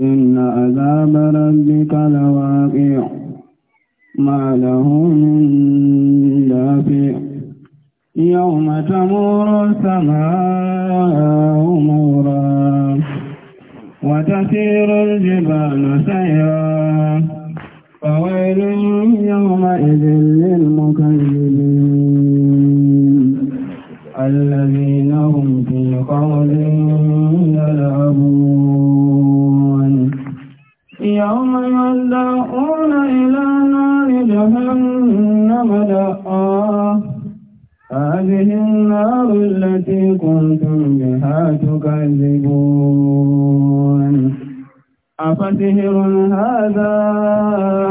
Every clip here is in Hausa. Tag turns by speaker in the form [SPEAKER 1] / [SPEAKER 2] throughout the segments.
[SPEAKER 1] إن عذاب ربك لواقع ما له من دافع يوم تمور السماء مورا وتسير أفتهر هذا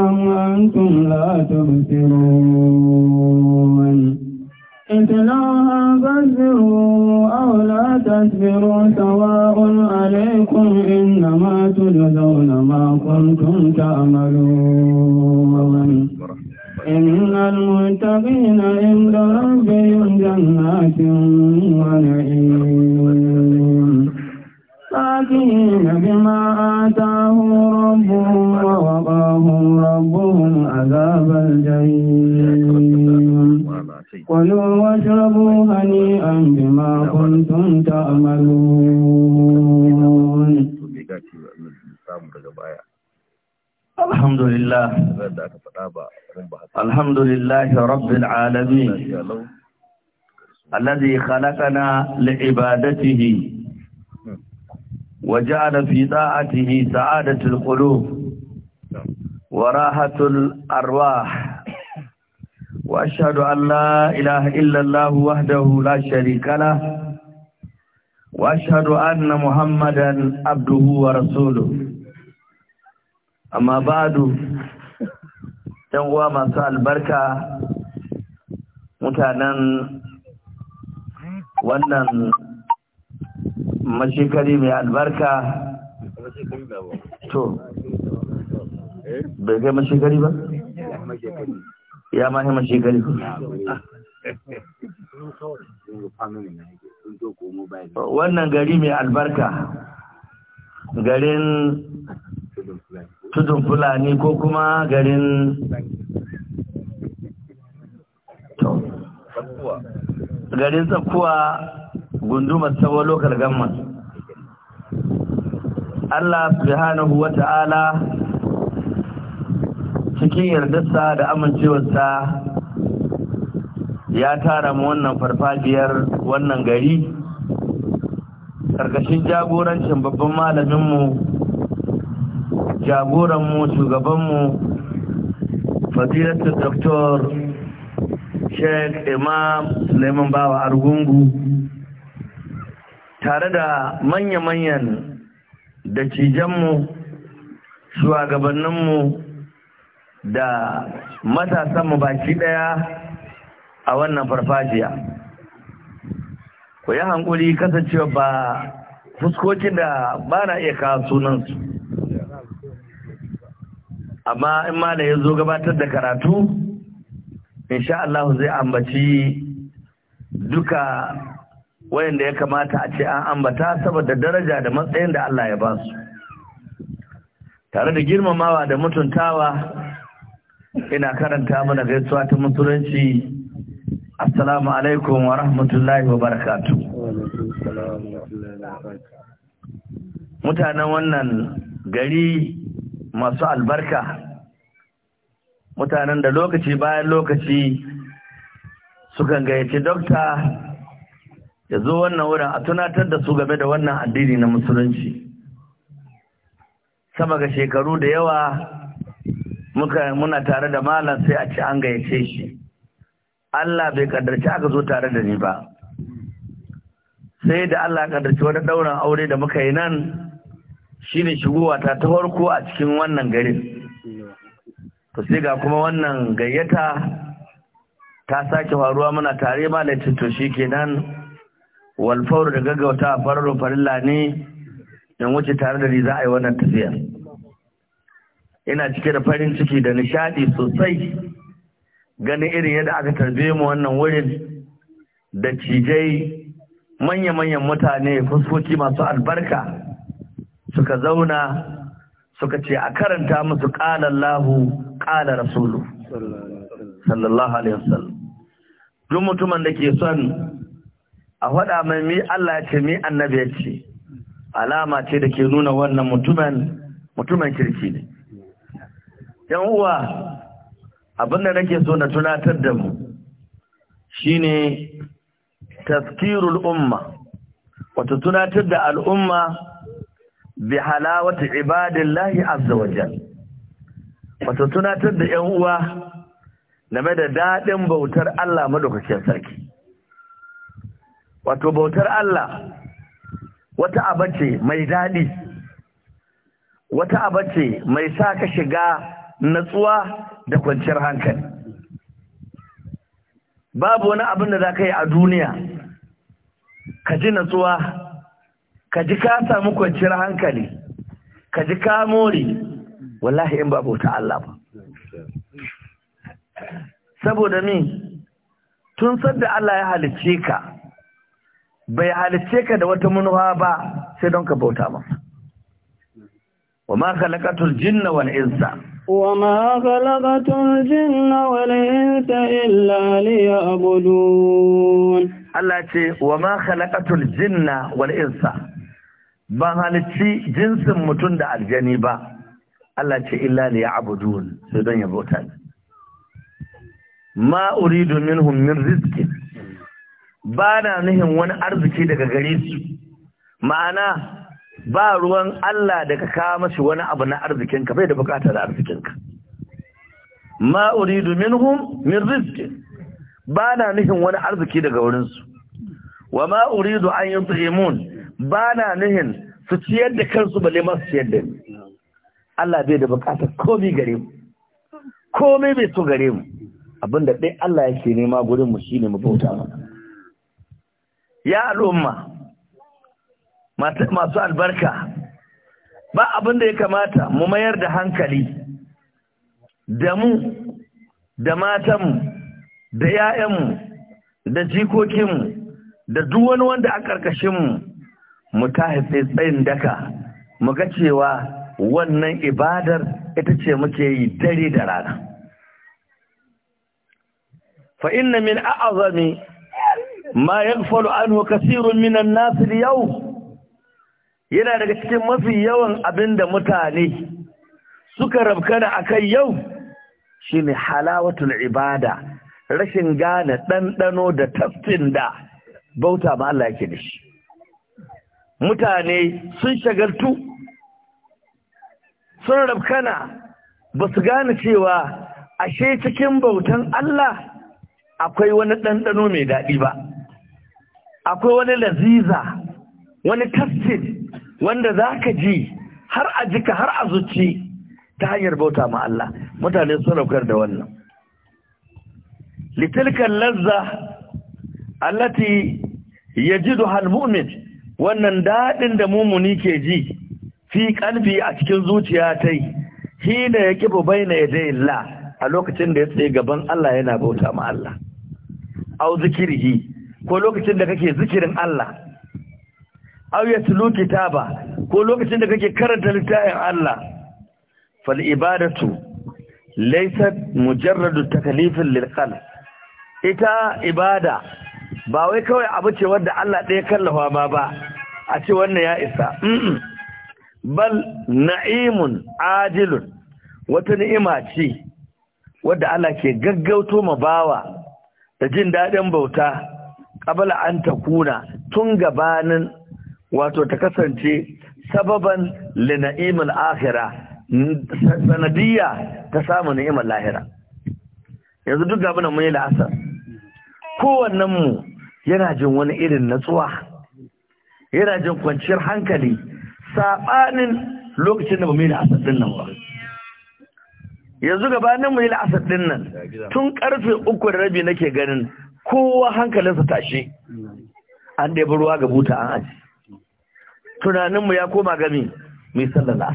[SPEAKER 1] أم أنتم لا تبصرون اتلوها فاصبروا أو لا تصبروا سواء عليكم إنما تجزون ما كنتم تعملون إن المتقين عند ربهم جنات ونعيم الفاكهين بما آتاهم ربهم ووقاهم ربهم عذاب الجحيم كلوا واشربوا هنيئا بما كنتم تأملون
[SPEAKER 2] الحمد لله الحمد لله رب العالمين الذي خلقنا لعبادته وجعل في طاعته سعادة القلوب وراحة الأرواح وأشهد أن لا إله إلا الله وحده لا شريك له وأشهد أن محمدا عبده ورسوله أما بعد تنوى مساء البركة متانا wannan mashekari mai albarka to bai kai mashekari ba ya ma hima shekari wannan gari mai albarka garin tudun fulani ko kuma garin garin tsakuwa gundumar sabo lokal gamman Allah subhanahu wa ta'ala cikin yardarsa da amincewarsa ya tara mu wannan farfajiyar wannan gari Karkashin jagorancin babban malaminmu jagoranmu shugabanmu fadilatul doktor sheikh imam suleiman bawa argungu tare da manya-manyan dacijanmu shugabanninmu da matasanmu baki ɗaya a wannan farfajiya ku yi hankuli kasancewa ba fuskoki da ba na iya kawo sunansu amma in ma da ya zo gabatar da karatu insha Allah zai ambaci duka wayanda ya kamata a ce an ambata saboda daraja da matsayin da Allah ya basu. tare da girmamawa da mutuntawa ina karanta mana gaisuwa ta musulunci assalamu alaikum wa rahmatullahi wa barakatu mutanen wannan gari masu albarka mutanen da lokaci bayan lokaci sukan gayyaci dokta ya zo wannan wurin a tunatar da su game da wannan addini na musulunci sama ga shekaru da yawa muka muna tare da malam sai a ci an gayyace shi Allah bai kaddarci aka zo tare da ni ba sai da Allah kaddarci wani ɗaurin aure da muka yi nan shine shigowa ta ta farko a cikin wannan garin to sai ga kuma wannan gayyata ta sake faruwa muna tare malam to shikenan wal fawr da gaggauta farar farilla ne in wuce tare da ni za a yi wannan tafiya ina cike da farin ciki da nishadi sosai ganin irin yadda aka tarbe mu wannan wurin da cijai manya-manyan mutane fuskoki masu albarka suka zauna suka ce a karanta musu ƙala Allahu ƙala Rasulu sallallahu alaihi wasallam duk mutumin da ke son a faɗa mai mi Allah ya ce mi annabi ya ce alama ce da ke nuna wannan mutumin mutumin kirki ne yan uwa abin abinda nake so na tunatar da mu shine taskirul umma wato tunatar da al'umma bi halawati ibadillahi azza wajal wato tunatar da yan uwa game da daɗin bautar Allah madaukakin sarki wato bautar Allah wata abace mai daɗi wata abace mai sa ka shiga natsuwa da kwanciyar hankali babu wani abin da za ka yi a duniya ka ji natsuwa ka ji ka samu kwanciyar hankali ka ji ka more wallahi in babu ta Allah ba saboda ni tun sadda Allah ya halicce ka bai halicce ka da wata manufa ba sai don ka bauta masa wa ma khalaqatul jinna wal insa
[SPEAKER 1] wa ma khalaqatul jinna wal insa illa liya'budun
[SPEAKER 2] Allah ce wa ma khalaqatul jinna wal insa ban halicci jinsin mutum da aljani ba Allah ce illa liya'budun sai don ya bauta ma uridu minhum min rizqi ba na nuhin wani arziki daga gare su ma'ana ba ruwan Allah da ka kawo mashi wani abu na arzikinka bai da bukata da arzikinka ma minhum min rizqi ba na nuhin wani arziki daga wurinsu wa ma an an yut'imun ba na nuhin su ciyar da kansu bale ma su ciyar da ni Allah bai da bukata komi gare mu komi bai so gare mu abinda ɗai Allah yake nema gurin mu shine mu bauta mana ya al'umma masu albarka ba abin da ya kamata mu mayar da hankali da mu da matanmu da ‘ya'yanmu da jikokinmu da duk wani wanda a ƙarƙashinmu mu ta haife tsayin daka mu ga cewa wannan ibadar ita ce muke yi dare da rana. fa'in na min a'azami ma yaghfalu anhu kaseerun minan nas al yana daga cikin mafi yawan abinda mutane suka rabkana akan yau shine halawatul ibada rashin gane ɗanɗano da taftin da bauta ma Allah yake da shi mutane sun shagaltu sun rabkana ba su gane cewa ashe cikin bautan Allah akwai wani ɗanɗano mai daɗi ba akwai wani laziza wani kastin wanda za ka ji har a jika har a zuci ta hanyar bauta ma Allah mutane su raukar da wannan litilkan lazza allati hal mu'min wannan dadin da mumuni ke ji fi kalbi a cikin zuciya tai hina yaqibu baina yaday Allah a lokacin da ya tsaye gaban Allah yana bauta ma Allah au zikirhi ko lokacin da kake zikirin Allah aw kitaba ko lokacin da kake karanta littafin Allah fal ibadatu laysat mujarradu takalifin lil qalb ita ibada ba wai kawai abu ce wanda Allah ɗaya kallafa ba ba a ce wannan ya isa bal na'imun ajilun wata ni'ima ce wadda Allah ke gaggauto ma bawa da jin daɗin bauta ƙabala an kuna tun gabanin wato ta kasance sababan li na'imil sanadiyya ta samu ni'imar lahira yanzu duk gabanin mun yi la'asar kowannenmu mu yana jin wani irin natsuwa yana jin kwanciyar hankali saɓanin lokacin da ba mu yi la'asar din nan ba yanzu gabanin mu yi la'asar din nan tun karfe uku da rabi nake ganin kowa hankalinsa tashe an ɗaya ruwa ga buta an aji tunaninmu ya koma gami mai sallar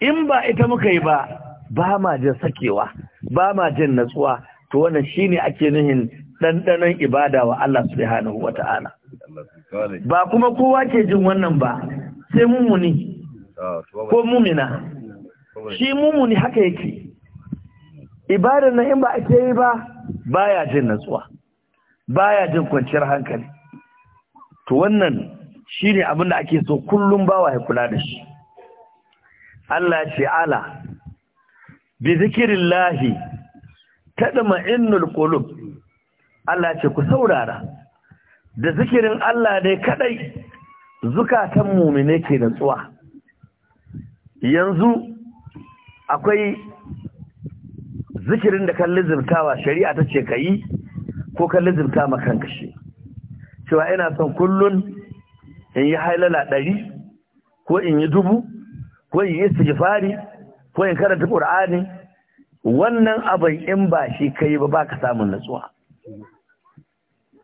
[SPEAKER 2] in ba ita muka yi ba ba ma jin sakewa ba ma jin natsuwa to wannan shine ake nuhin ɗanɗanon ibada wa Allah subhanahu wa ta'ala ba kuma kowa ke jin wannan ba sai mumuni ko mumina shi mumuni haka yake ibadan nan in ba ake yi ba baya jin natsuwa baya jin kwanciyar hankali to wannan shine abin da ake so kullum bawa ya kula da shi Allah ce ala bi zikirillahi tadma'innul qulub Allah ce ku saurara da zikirin Allah ne kadai zukatan mu'mine ke tsuwa yanzu akwai zikirin da kan lizimtawa shari'a ta ce ka yi ko ka lizirta ma kanka shi cewa ina son kullun in yi hailala ɗari ko in yi dubu ko in yi istighfari ko in karanta qur'ani wannan abin in ba shi kai ba baka samun natsuwa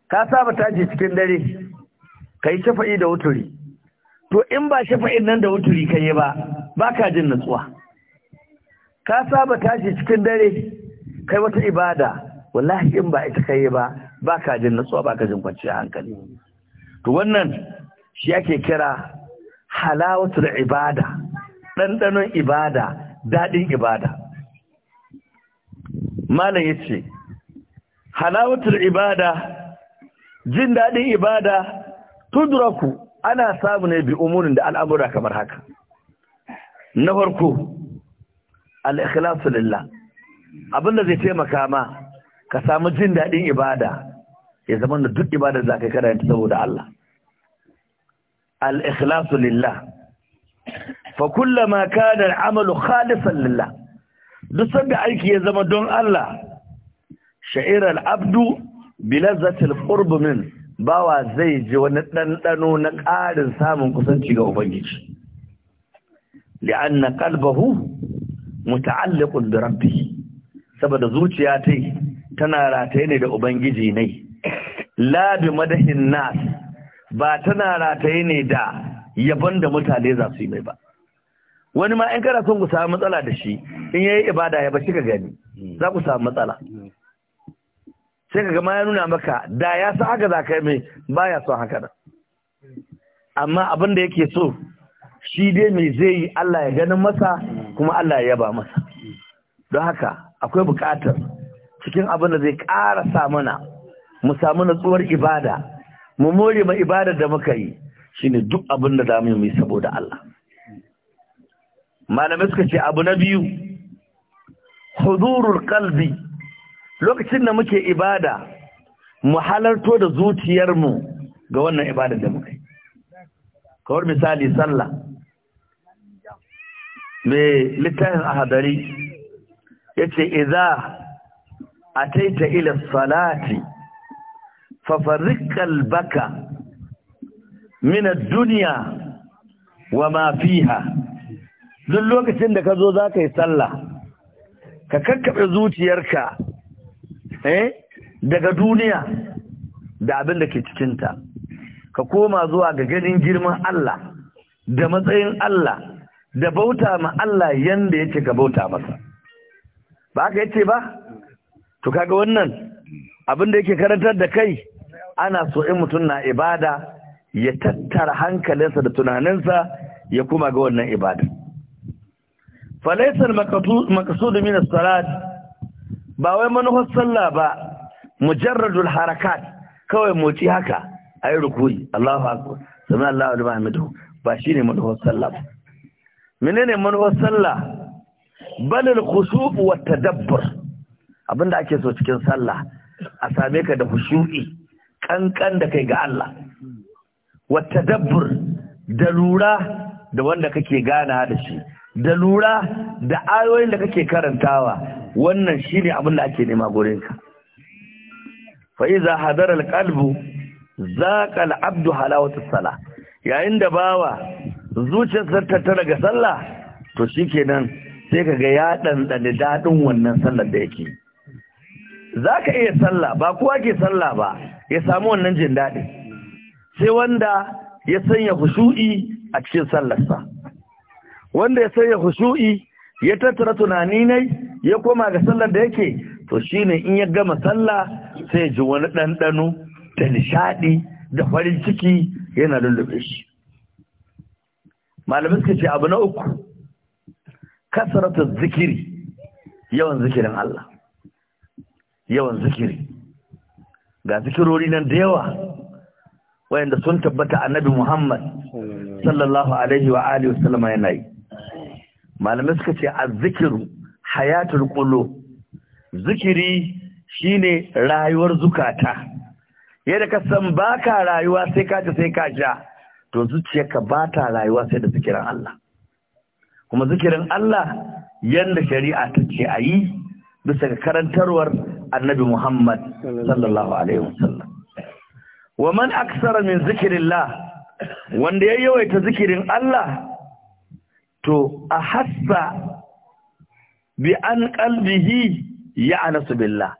[SPEAKER 2] ka saba taji cikin dare kai shafa'i da wuturi to in ba shafa'in nan da wuturi kai ba baka jin natsuwa ka saba tashi cikin dare kai wata ibada wallahi in ba ita kai ba ba ka jin nutsuwa ba ka jin kwanciyar hankali to wannan shi yake kira halawatul ibada ɗanɗanon ibada daɗin ibada malam yace halawatul ibada jin daɗin ibada tudraku ana samu ne bi umurin da al'amura kamar haka na farko al-ikhlasu lillah abinda zai taimaka ma ka samu jin daɗin ibada ya zama da duk ibada za ka karanta saboda Allah al-ikhlasu lillah fa kullama kana da amalu khalisan lillah duk sanda aiki ya zama don Allah Sha'irar abdu bi lazzati bawa zai ji wani ɗanɗano na ƙarin samun kusanci ga ubangiji li'anna qalbahu muta'alliqun bi Rabbi saboda zuciya ta yi tana rataye ne da ubangiji ne la bi madahin nas ba tana rataye ne da yabon da mutane za su yi mai ba wani ma in kara son ku samu matsala da shi in yi ibada ya shi ka gani za ku samu matsala sai ka gama ya nuna maka da ya sa haka za ka yi mai ya son haka da amma abin da yake so shi dai mai zai yi Allah ya ganin masa kuma Allah ya yaba masa don haka akwai bukatar cikin abin da zai ƙara samuna, mana mu samu natsuwar ibada mu more ma ibada da muka yi shine duk abin da zamu yi saboda Allah malamai suka ce abu na biyu huzurul qalbi lokacin da muke ibada mu halarto da zuciyarmu ga wannan ibada da muka yi kawar misali sallah mai littafin ahadari yace idza أتيت إلى الصلاة ففرق قلبك mina duniya wa mafiha, duk lokacin da ka zo za ka yi sallah ka karkaɓe zuciyarka daga duniya da abin da ke cikinta ka koma zuwa ga ganin girman Allah da matsayin Allah da bauta ma Allah yanda yake ka bauta masa ba ka yace ba to kaga wannan abin da yake karantar da kai ana so in mutum na ibada ya tattara hankalinsa da tunaninsa ya kuma ga wannan ibada falaisar makasudu min salat ba wai manufar sallah ba mujarradul harakat kawai moci haka ayi rukui Allahu akbar sami Allahu liman hamidu ba shine manufar sallah ba menene manufar sallah bal al wa tadabbur abinda ake so cikin sallah a same ka da hushu'i kankan da kai ga Allah wata dabbur da lura da wanda kake gana da shi da lura da ayoyin da kake karantawa wannan shine abin da ake nema gurin ka fa iza hadara alqalbu zaqa alabdu halawata sala yayin da bawa zuciyarsa ta tara ga sallah to shikenan sai kaga ya dan dadin wannan sallar da yake za ka iya sallah ba kowa ke sallah ba ya samu wannan jin daɗi sai wanda ya sanya hushu'i a cikin sallarsa wanda ya sanya hushu'i ya tattara tunani ne ya koma ga sallar da yake to shine in ya gama sallah sai ji wani ɗanɗano da nishaɗi da farin ciki yana lullube shi malamai suka ce abu na uku kasaratu zikiri yawan zikirin Allah yawan zikiri ga zikirori nan da yawa wayanda sun tabbata annabi Muhammad sallallahu alaihi wa alihi wasallam yana yi malamai suka ce azzikiru hayatul qulub zikiri shine rayuwar zukata yadda ka san baka rayuwa sai ka ta sai ka ja, to zuciyarka ba ta rayuwa sai da zikirin Allah kuma zikirin Allah yanda shari'a ta ce a yi bisa ga karantarwar annabi Muhammad sallallahu alaihi wasallam wa man aksara min zikirillah wanda ya yawaita zikirin Allah to a hassa bi an qalbihi ya anasu billah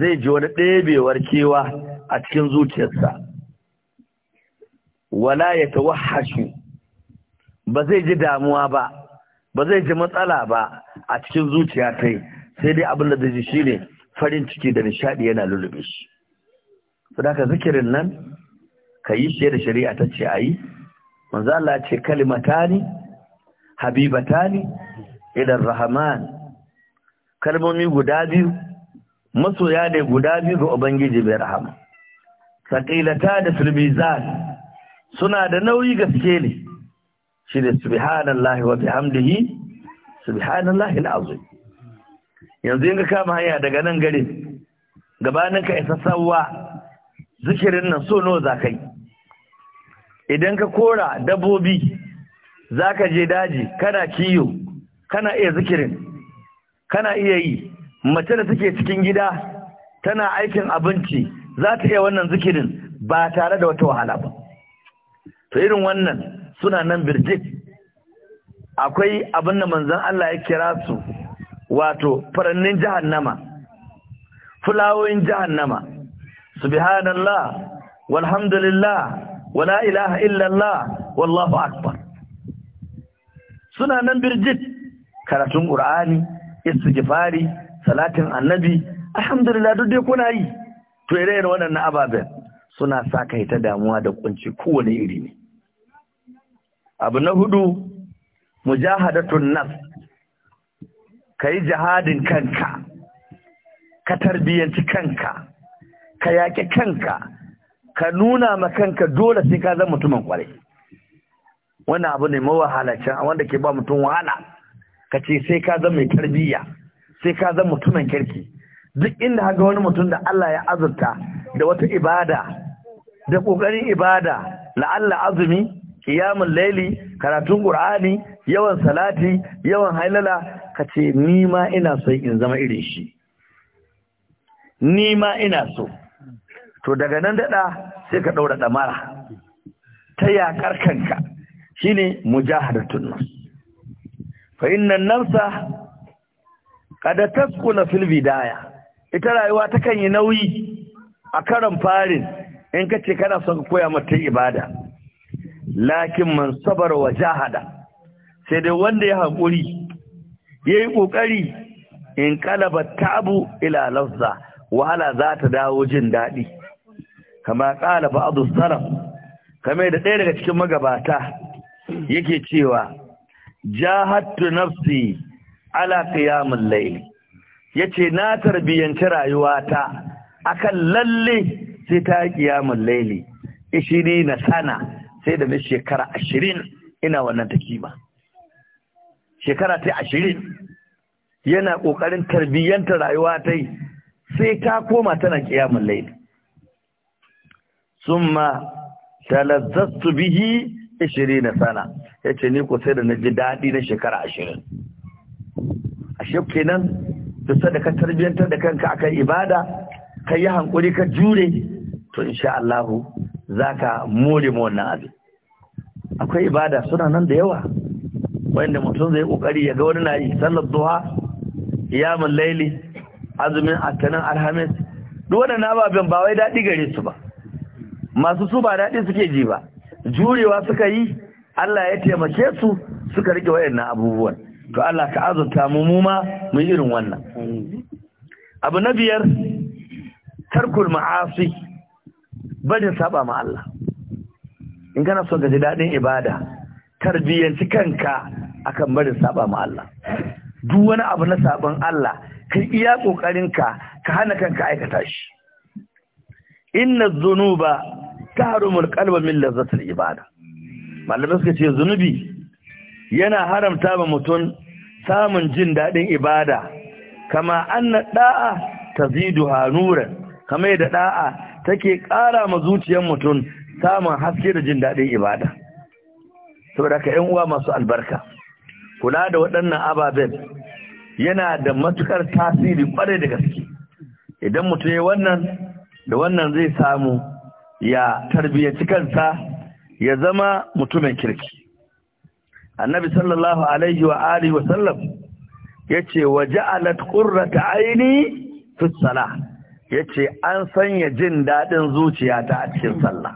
[SPEAKER 2] zai ji wani ɗebewar kewa a cikin zuciyarsa wala ya tawahhashu ba zai ji damuwa ba ba zai ji matsala ba a cikin zuciya ta sai dai abin da zai ji shine farin ciki da nishadi yana lullube shi ka zikirin nan ka yi shi da shari'a ta ce ayi manzo Allah ce kalimatani habibatani idan rahman kalmomi guda biyu masoya ne guda biyu ga ubangiji bai rahama Saƙilata da filmizan suna da nauyi gaske ne shi ne subhanallahi wa bihamdihi subhanallahi alazim yanzu yin ka kama hanya daga nan gare gabanin ka isa sawa zikirin nan so nawa za ka idan ka kora dabbobi za ka je daji kana kiyo kana iya zikirin kana iya yi mace da take cikin gida tana aikin abinci za ta iya wannan zikirin ba tare da wata wahala ba to irin wannan suna nan birjik akwai abin da manzon Allah ya kira su wato farannin jahannama fulawoyin jahannama subhanallah walhamdulillah wala ilaha illallah wallahu akbar suna nan birjit karatun qur'ani istighfari salatin annabi alhamdulillah duk dai kuna yi to ire-iren wannan ababen suna saka ita ta damuwa da kunci kowane iri ne abu na hudu mujahadatun nafs ka yi jihadin kanka ka tarbiyyanci kanka ka yaƙi kanka ka nuna ma kanka dole sai ka zama mutumin kwarai wannan abu ne mawahalacin wanda ke ba mutum wahala ka ce sai ka zama mai tarbiyya sai ka zama mutumin kirki duk inda haka wani mutum da Allah ya azurta da wata ibada da ƙoƙarin ibada la'alla azumi kiyamun laili karatun qur'ani yawan salati yawan hailala ka ce ni ma ina so in zama irin shi ni ma ina so to daga nan daɗa sai ka ɗaura ɗamara ta yaƙar kanka shine mujahadatun nas fa innan nafsa kada taskuna fil bidaya ita rayuwa ta kan yi nauyi a karan farin in ka ce kana son koya mata ibada lakin man sabara wa jahada sai dai wanda ya haƙuri Ya yi ƙoƙari in kalaba tabu ila lafza wahala za ta dawo jin daɗi kama ƙalaba ba'du salaf da ɗaya daga cikin magabata yake cewa jahattu nafsi ala qiyamul layl yace na tarbiyanci rayuwata akan lalle sai ta qiyamul layli 20 na sana sai da shekara ashirin ina wannan takima shekara ta ashirin yana ƙoƙarin tarbiyyanta rayuwa ta yi sai ta koma tana ƙiyamun laili ma talazzastu bihi ishirin na sana ya ce ni ko sai da na ji daɗi na shekara ashirin A ashe kenan duk da ka tarbiyyantar da kanka a kan ibada ka yi hankuri ka jure to insha Allahu za ka more ma wannan abin akwai ibada suna nan da yawa wanda mutum zai kokari ya ga wani na yi sallar duha yamin laili azumin atanin alhamis duk waɗannan ababen ba wai daɗi gare su ba masu su ba daɗi suke ji ba jurewa suka yi Allah ya taimake su suka rike waɗannan abubuwan to Allah ka azurta mu mu ma mu yi irin wannan abu na biyar tarkul ma'asi bada saba ma Allah in kana son ka ji daɗin ibada tarbiyyanci kanka akan barin saba ma Allah duk wani abu na saban Allah kai iya ƙoƙarinka ka hana kanka aikata shi inna dhunuba tahrumul qalba min lazzatil ibada malamai suka ce zunubi yana haramta ma mutum samun jin daɗin ibada kama anna da'a taziduha nuran kama yadda da'a take ƙara ma zuciyar mutum samun haske da jin daɗin ibada saboda ka yan uwa masu albarka kula da waɗannan ababen yana da matukar tasiri kwarai da gaske idan mutum ya wannan da wannan zai samu ya tarbiyyaci kansa ya zama mutumin kirki annabi sallallahu alaihi wa alihi wa sallam yace waja'alat qurrata aini fi salah yace an sanya jin dadin ta a cikin sallah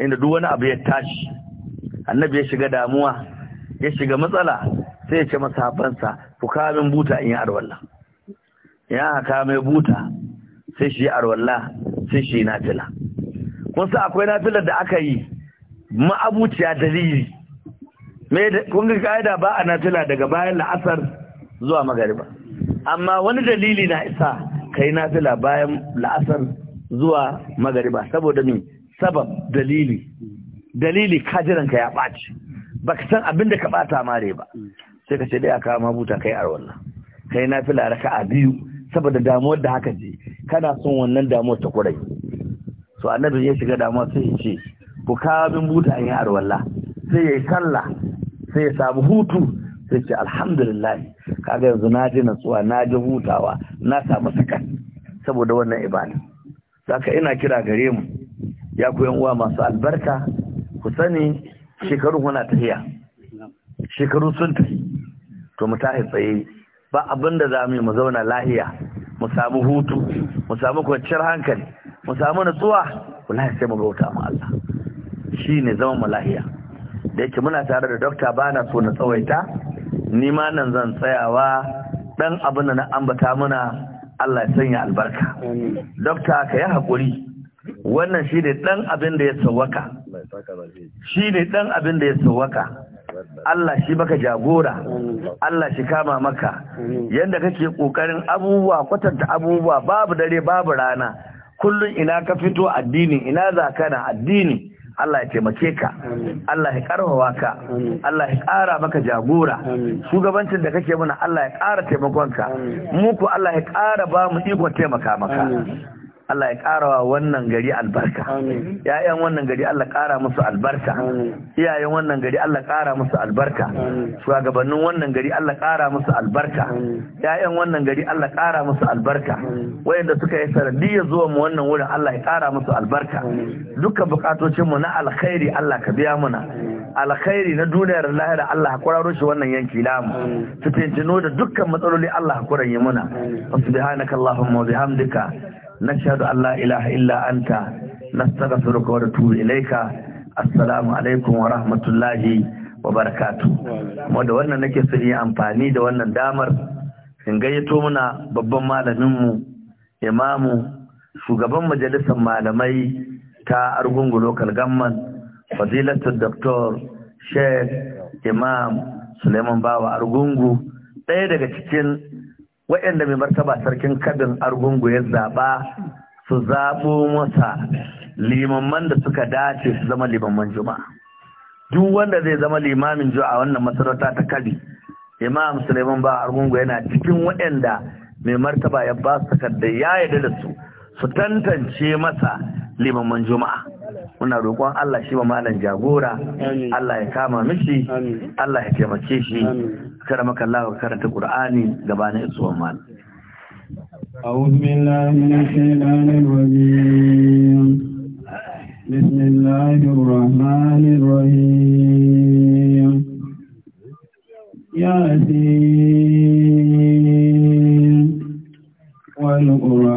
[SPEAKER 2] inda duk wani abu ya tashi annabi ya shiga damuwa ya shiga matsala sai ya ce masahabansa ku kamin buta in yi arwallah ya haka mai buta sai shi arwallah sai shi nafila kun sa akwai nafilar da aka yi ma'abuciya dalili kun ga ka'ida ba a nafila daga bayan la'asar zuwa magariba amma wani dalili na isa ka kai nafila bayan la'asar zuwa magariba saboda min sabab dalili dalili kajiran ka ya ɓaci ba ka san abin da ka ɓata mare ba sai ka ce dai a kawo mabuta kai arwalla kai na fila raka a biyu saboda damuwar da haka ce kana son wannan damuwar ta kurai to annabi ya shiga damuwa sai ya ce ku kawo min buta in yi arwalla sai ya yi sallah sai ya samu hutu sai ce alhamdulillah kaga yanzu na ji natsuwa na ji hutawa na samu sakan saboda wannan ibada zaka ina kira gare mu ya koyan uwa masu albarka ku sani shekaru kuna tafiya shekaru sun tafi to mu tahi tsaye ba abin za mu yi mu zauna lahiya mu samu hutu mu samu kwanciyar hankali mu samu nutsuwa wallahi sai mu bauta mu Allah shine zaman mu lahiya da yake muna tare da dokta bana so na tsawaita ni ma nan zan tsayawa dan abin na ambata muna Allah ya sanya albarka dokta ka yi hakuri wannan shine dan abin da ya tsawaka shi ne ɗan abin da ya sauwaka Allah shi baka jagora Allah shi kama maka yadda kake ƙoƙarin abubuwa kwatanta abubuwa babu dare babu rana kullum ina ka fito addini ina na addini Allah ya taimake ka Allah ya karfafa ka Allah ya ƙara maka jagora shugabancin da kake mana Allah ya ƙara taimakonka. ka mu ku Allah ya ƙara ba mu iko taimaka maka Allah ya ƙara wa wannan gari albarka. ‘Ya'yan wannan gari Allah ƙara musu albarka. Iyayen wannan gari Allah ƙara musu albarka. Shugabannin wannan gari Allah ƙara musu albarka. ‘Ya'yan wannan gari Allah ƙara musu albarka. Wayanda suka yi sanadiyya zuwa mu wannan wurin Allah ya ƙara musu albarka. Dukkan bukatocin mu na alkhairi Allah ka biya muna. Alkhairi na duniyar lahira Allah kwararo rushe wannan yanki lamu. Fitintino da dukkan matsaloli Allah hakuran yi muna. Subhanakallahumma wa bihamdika نشهد أن لا إله إلا أنت نستغفرك ونتوب إليك السلام عليكم ورحمة الله وبركاته mu da wannan nake so yi amfani da wannan damar in gayyato muna babban malaminmu imamu shugaban majalisar malamai ta argungu Lokal Gamman, fadilatu doctor sheikh imam suleiman bawa argungu ɗaya daga cikin waɗanda mai martaba sarkin kabin argungu ya zaɓa su zaɓo masa limamman da suka dace su zama limamman juma'a duk wanda zai zama limamin a wannan masarauta ta kabi imam suleiman ba argungu yana cikin waɗanda mai martaba ya ba su takarda ya yarda da su su tantance masa limamman juma'a muna roƙon Allah shi ma malam jagora Allah ya kama mishi Allah ya taimake shi karamaka Allah karanta Qur'ani gabanin isuwan mal
[SPEAKER 1] أعوذ بالله من الشيطان الرجيم بسم الله الرحمن الرحيم ياسين والقرآن